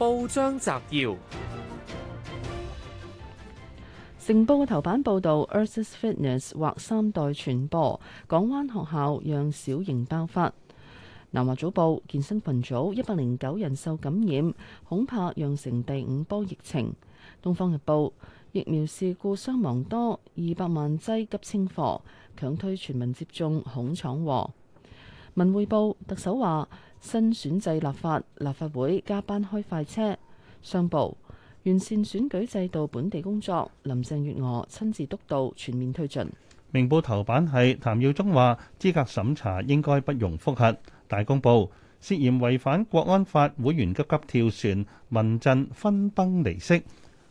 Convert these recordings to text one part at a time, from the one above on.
報章摘要：成報嘅頭版報道，Earth’s Fitness 或三代傳播，港灣學校釀小型爆發。南華早報健身群組一百零九人受感染，恐怕釀成第五波疫情。東方日報疫苗事故傷亡多，二百萬劑急清貨，強推全民接種恐闖禍。文匯報，特首話新選制立法，立法會加班開快車。商報，完善選舉制度本地工作，林鄭月娥親自督導全面推進。明報頭版係譚耀宗話資格審查應該不容覆核。大公報，涉嫌違反國安法，會員急急跳船，民陣分崩離析。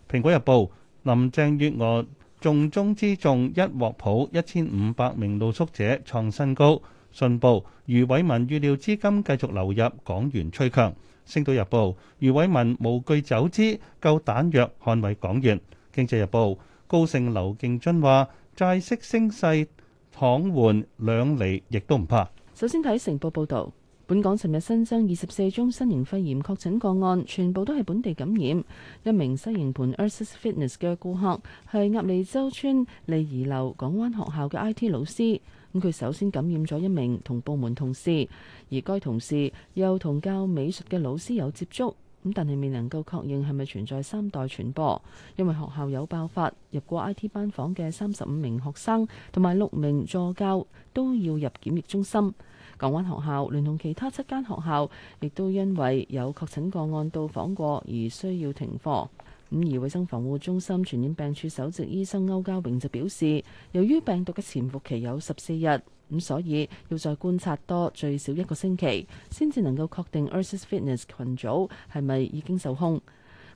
蘋果日報，林鄭月娥重中之重一鑊泡，一千五百名露宿者創新高。信報：余偉文預料資金繼續流入港元，趨強。星島日報：余偉文無懼走資，夠彈藥捍衞港元。經濟日報，高盛劉敬津話：債息升勢倘緩兩厘，亦都唔怕。首先睇成報報導，本港尋日新增二十四宗新型肺炎確診個案，全部都係本地感染。一名西營盤 Earth's Fitness 嘅顧客係鴨脷洲邨利怡樓港灣學校嘅 I.T. 老師。咁佢首先感染咗一名同部門同事，而該同事又同教美術嘅老師有接觸。咁但係未能夠確認係咪存在三代傳播，因為學校有爆發，入過 IT 班房嘅三十五名學生同埋六名助教都要入檢疫中心。港灣學校聯同其他七間學校，亦都因為有確診個案到訪過而需要停課。咁而衞生防護中心傳染病處首席醫生歐家榮就表示，由於病毒嘅潛伏期有十四日，咁所以要再觀察多最少一個星期，先至能夠確定 Ursus Fitness 群組係咪已經受控。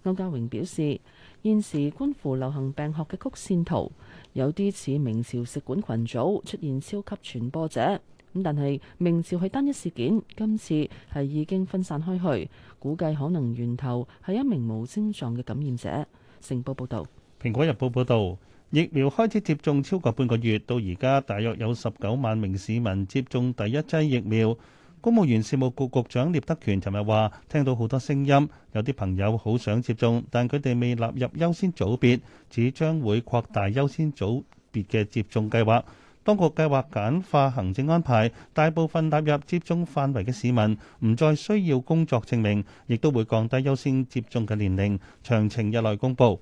歐家榮表示，現時觀乎流行病學嘅曲線圖有啲似明朝食管群組出現超級傳播者。咁但係明朝係單一事件，今次係已經分散開去，估計可能源頭係一名無症狀嘅感染者。成報報導。《蘋果日報》報導，疫苗開始接種超過半個月，到而家大約有十九萬名市民接種第一劑疫苗。公務員事務局局長聶德權尋日話，聽到好多聲音，有啲朋友好想接種，但佢哋未納入優先組別，只將會擴大優先組別嘅接種計劃。當局計劃簡化行政安排，大部分納入接種範圍嘅市民唔再需要工作證明，亦都會降低優先接種嘅年齡，詳情日內公布。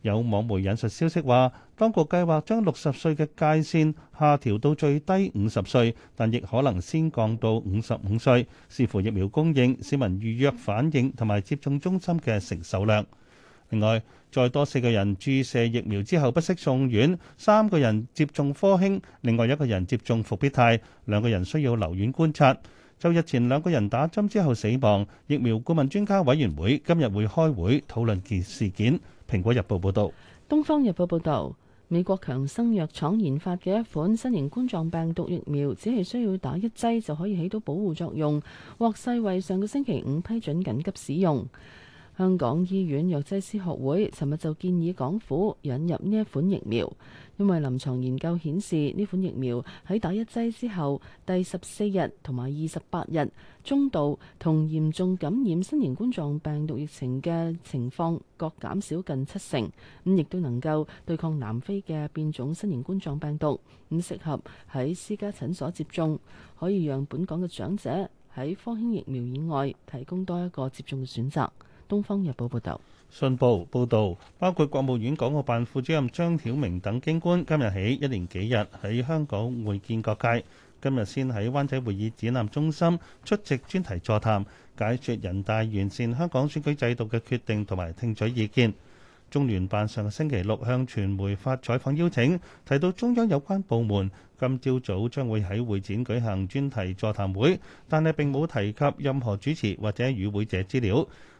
有網媒引述消息話，當局計劃將六十歲嘅界綫下調到最低五十歲，但亦可能先降到五十五歲，視乎疫苗供應、市民預約反應同埋接種中心嘅承受量。另外，再多四個人注射疫苗之後不適送院，三個人接種科興，另外一個人接種復必泰，兩個人需要留院觀察。就日前兩個人打針之後死亡，疫苗顧問專家委員會今日會開會討論件事件。《蘋果日報》報導，《東方日報》報導，美國強生藥廠研發嘅一款新型冠狀病毒疫苗，只係需要打一劑就可以起到保護作用，獲世衛上個星期五批准緊急使用。香港醫院藥劑師學會尋日就建議港府引入呢一款疫苗，因為臨床研究顯示呢款疫苗喺打一劑之後，第十四日同埋二十八日中度同嚴重感染新型冠狀病毒疫情嘅情況各減少近七成。咁亦都能夠對抗南非嘅變種新型冠狀病毒，咁適合喺私家診所接種，可以讓本港嘅長者喺科興疫苗以外提供多一個接種嘅選擇。《東方日報》報道：信報報導，包括國務院港澳辦副主任張曉明等京官今日起一連幾日喺香港會見各界。今日先喺灣仔會議展覽中心出席專題座談，解説人大完善香港選舉制度嘅決定同埋聽取意見。中聯辦上個星期六向傳媒發採訪邀請，提到中央有關部門今朝早將會喺會展舉行專題座談會，但係並冇提及任何主持或者與會者資料。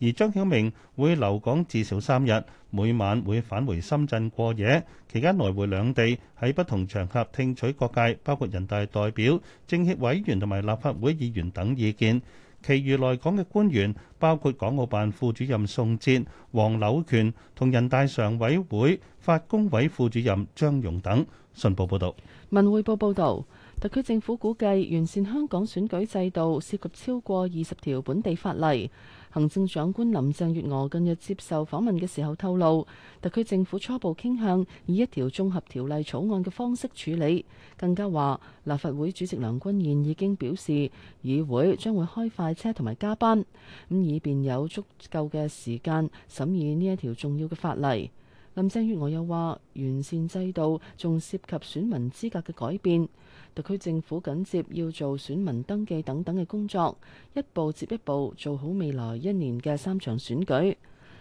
而張曉明會留港至少三日，每晚會返回深圳過夜。期間來回兩地，喺不同場合聽取各界，包括人大代表、政協委員同埋立法會議員等意見。其餘來港嘅官員包括港澳辦副主任宋哲、黃柳權同人大常委會法工委副主任張榮等。信報報道。文匯報報導。特區政府估計完善香港選舉制度涉及超過二十條本地法例。行政長官林鄭月娥近日接受訪問嘅時候透露，特區政府初步傾向以一條綜合條例草案嘅方式處理。更加話，立法會主席梁君彥已經表示，議會將會開快車同埋加班，咁以便有足夠嘅時間審議呢一條重要嘅法例。林鄭月娥又話：完善制度仲涉及選民資格嘅改變，特區政府緊接要做選民登記等等嘅工作，一步接一步做好未來一年嘅三場選舉。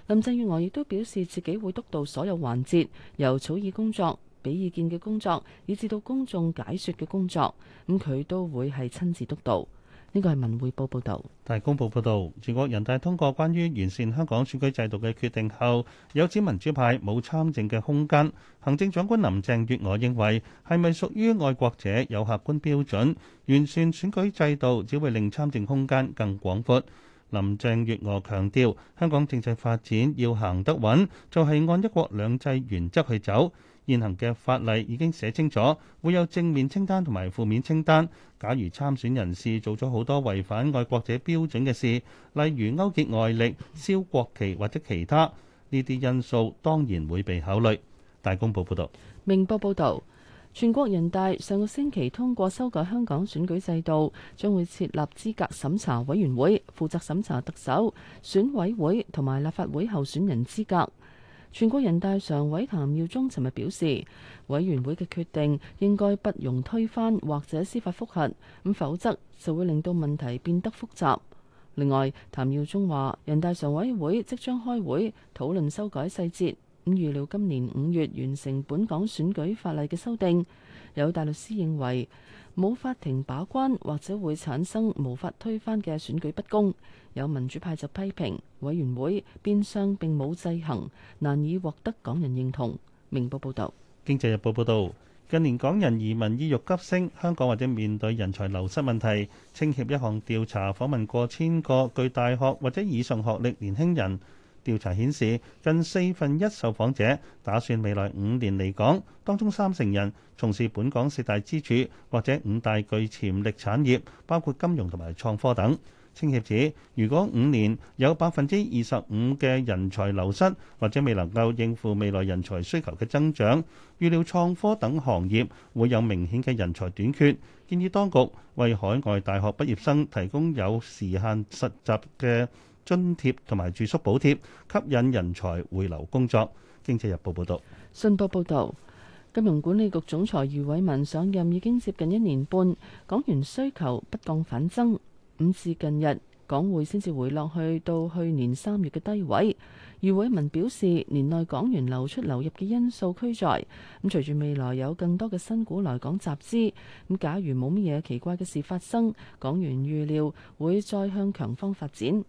林鄭月娥亦都表示自己會督導所有環節，由草擬工作、俾意見嘅工作，以至到公眾解説嘅工作，咁佢都會係親自督導。呢個係文匯報報導，大公報報導，全國人大通過關於完善香港選舉制度嘅決定後，有指民主派冇參政嘅空間。行政長官林鄭月娥認為係咪屬於愛國者有客觀標準，完善選舉制度只會令參政空間更廣闊。林鄭月娥強調，香港政制發展要行得穩，就係、是、按一國兩制原則去走。現行嘅法例已經寫清楚，會有正面清單同埋負面清單。假如參選人士做咗好多違反愛國者標準嘅事，例如勾結外力、燒國旗或者其他，呢啲因素當然會被考慮。大公報報道：「明報報道，全國人大上個星期通過修改香港選舉制度，將會設立資格審查委員會，負責審查特首、選委會同埋立法會候選人資格。」全國人大常委譚耀宗尋日表示，委員會嘅決定應該不容推翻或者司法覆核，咁否則就會令到問題變得複雜。另外，譚耀宗話，人大常委會即將開會討論修改細節。預料今年五月完成本港選舉法例嘅修訂。有大律師認為冇法庭把關，或者會產生無法推翻嘅選舉不公。有民主派就批評委員會變相並冇制衡，難以獲得港人認同。明報報導，《經濟日報》報導近年港人移民意欲急升，香港或者面對人才流失問題。青協一項調查訪問過千個具大學或者以上學歷年輕人。調查顯示，近四分一受訪者打算未來五年離港，當中三成人從事本港四大支柱或者五大具潛力產業，包括金融同埋創科等。青協指，如果五年有百分之二十五嘅人才流失，或者未能夠應付未來人才需求嘅增長，預料創科等行業會有明顯嘅人才短缺。建議當局為海外大學畢業生提供有時限實習嘅，津貼同埋住宿補貼，吸引人才回流工作。經濟日報報道，信報報道，金融管理局總裁余偉文上任已經接近一年半，港元需求不降反增。五至近日港匯先至回落，去到去年三月嘅低位。余偉文表示，年內港元流出流入嘅因素俱在，咁，隨住未來有更多嘅新股來港集資，咁，假如冇乜嘢奇怪嘅事發生，港元預料會再向強方發展。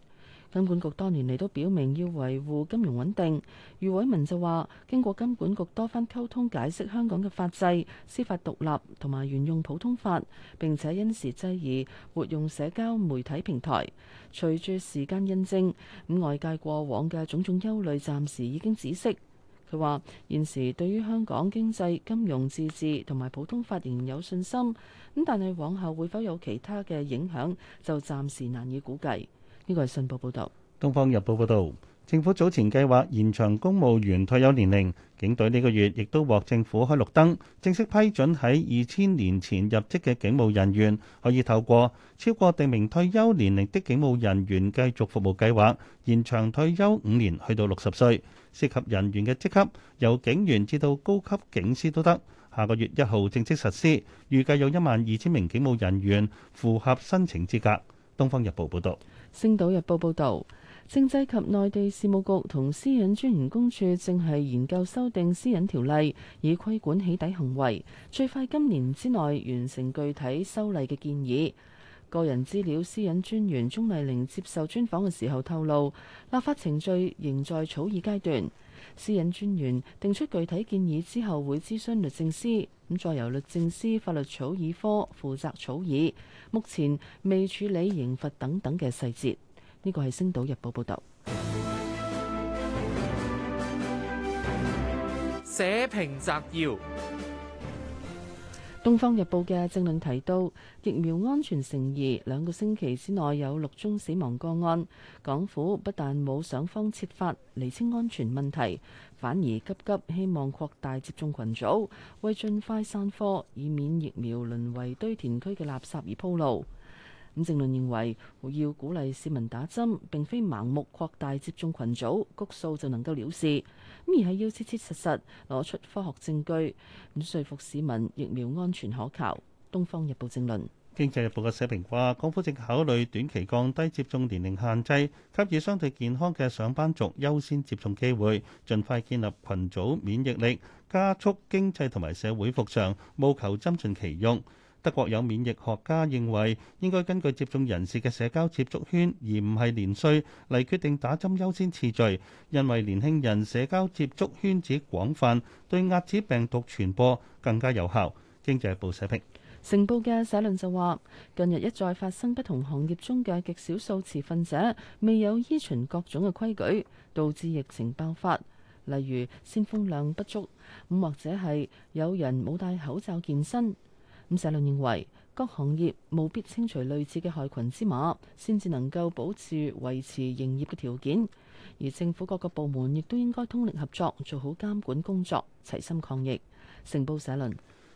金管局多年嚟都表明要維護金融穩定。余偉文就話，經過金管局多番溝通解釋香港嘅法制、司法獨立同埋沿用普通法，並且因時制宜活用社交媒體平台，隨住，時間印證外界過往嘅種種憂慮暫時已經止息。佢話，現時對於香港經濟金融自治同埋普通法仍有信心，咁但係往後會否有其他嘅影響就暫時難以估計。呢個係信報報導，《東方日報》報導，政府早前計劃延長公務員退休年齡，警隊呢個月亦都獲政府開綠燈，正式批准喺二千年前入職嘅警務人員可以透過超過訂明退休年齡的警務人員繼續服務計劃，延長退休五年，去到六十歲。涉及人員嘅職級由警員至到高級警司都得。下個月一號正式實施，預計有一萬二千名警務人員符合申請資格。《東方日報》報道，《星島日報》報道，政制及內地事務局同私隱專員公署正係研究修訂私隱條例，以規管起底行為，最快今年之內完成具體修例嘅建議。個人資料私隱專員鍾麗玲接受專訪嘅時候透露，立法程序仍在草擬階段。私隱專員定出具體建議之後，會諮詢律政司，咁再由律政司法律草擬科負責草擬，目前未處理刑罰等等嘅細節。呢個係《星島日報》報導。社評摘要。《東方日報》嘅政論提到，疫苗安全成疑，兩個星期之內有六宗死亡個案。港府不但冇想方設法釐清安全問題，反而急急希望擴大接種群組，為盡快散貨，以免疫苗淪為堆填區嘅垃圾而鋪路。咁政論認為要鼓勵市民打針，並非盲目擴大接種群組，谷數，就能夠了事，咁而係要切切實實攞出科學證據，咁說服市民疫苗安全可靠。東方日報政論。《經濟日報》嘅社評話，港府正考慮短期降低接種年齡限制，給予相對健康嘅上班族優先接種機會，盡快建立群組免疫力，加速經濟同埋社會復常，務求增進其用。德國有免疫學家認為，應該根據接種人士嘅社交接觸圈，而唔係年歲嚟決定打針優先次序，因為年輕人社交接觸圈子廣泛，對遏止病毒傳播更加有效。經濟報社評。成報嘅社論就話：近日一再發生不同行業中嘅極少數持份者未有依循各種嘅規矩，導致疫情爆發，例如鮮風量不足，咁或者係有人冇戴口罩健身。咁社論認為，各行業務必清除類似嘅害群之馬，先至能夠保持維持營業嘅條件；而政府各個部門亦都應該通力合作，做好監管工作，齊心抗疫。成報社論。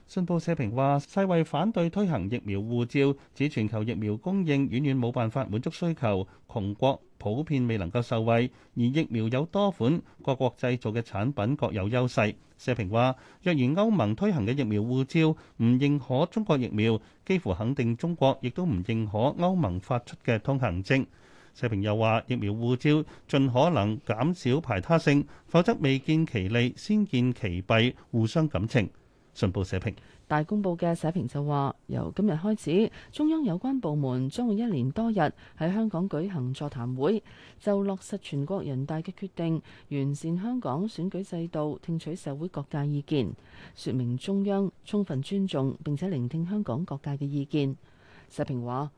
信報社評話，世衛反對推行疫苗護照，指全球疫苗供應遠遠冇辦法滿足需求，窮國普遍未能夠受惠。而疫苗有多款，各國製造嘅產品各有優勢。社評話，若然歐盟推行嘅疫苗護照唔認可中國疫苗，幾乎肯定中國亦都唔認可歐盟發出嘅通行證。社評又話，疫苗護照盡可能減少排他性，否則未見其利，先見其弊，互相感情。進步社評大公報嘅社評就話：由今日開始，中央有關部門將會一連多日喺香港舉行座談會，就落實全國人大嘅決定，完善香港選舉制度，聽取社會各界意見，說明中央充分尊重並且聆聽香港各界嘅意見。社評話：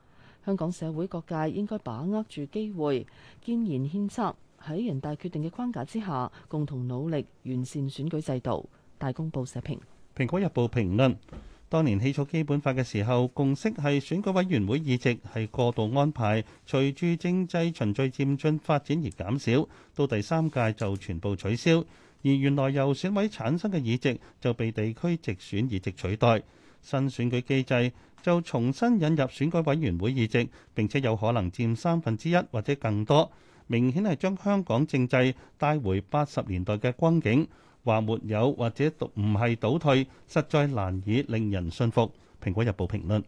香港社會各界應該把握住機會，建言獻策喺人大決定嘅框架之下，共同努力完善選舉制度。大公報社評。《蘋果日報》評論：當年起草基本法嘅時候，共識係選舉委員會議席係過渡安排，隨住政制循序漸進發展而減少，到第三屆就全部取消。而原來由選委產生嘅議席就被地區直選議席取代。新選舉機制就重新引入選舉委員會議席，並且有可能佔三分之一或者更多，明顯係將香港政制帶回八十年代嘅光景。話沒有或者唔係倒退，實在難以令人信服。《蘋果日報》評論。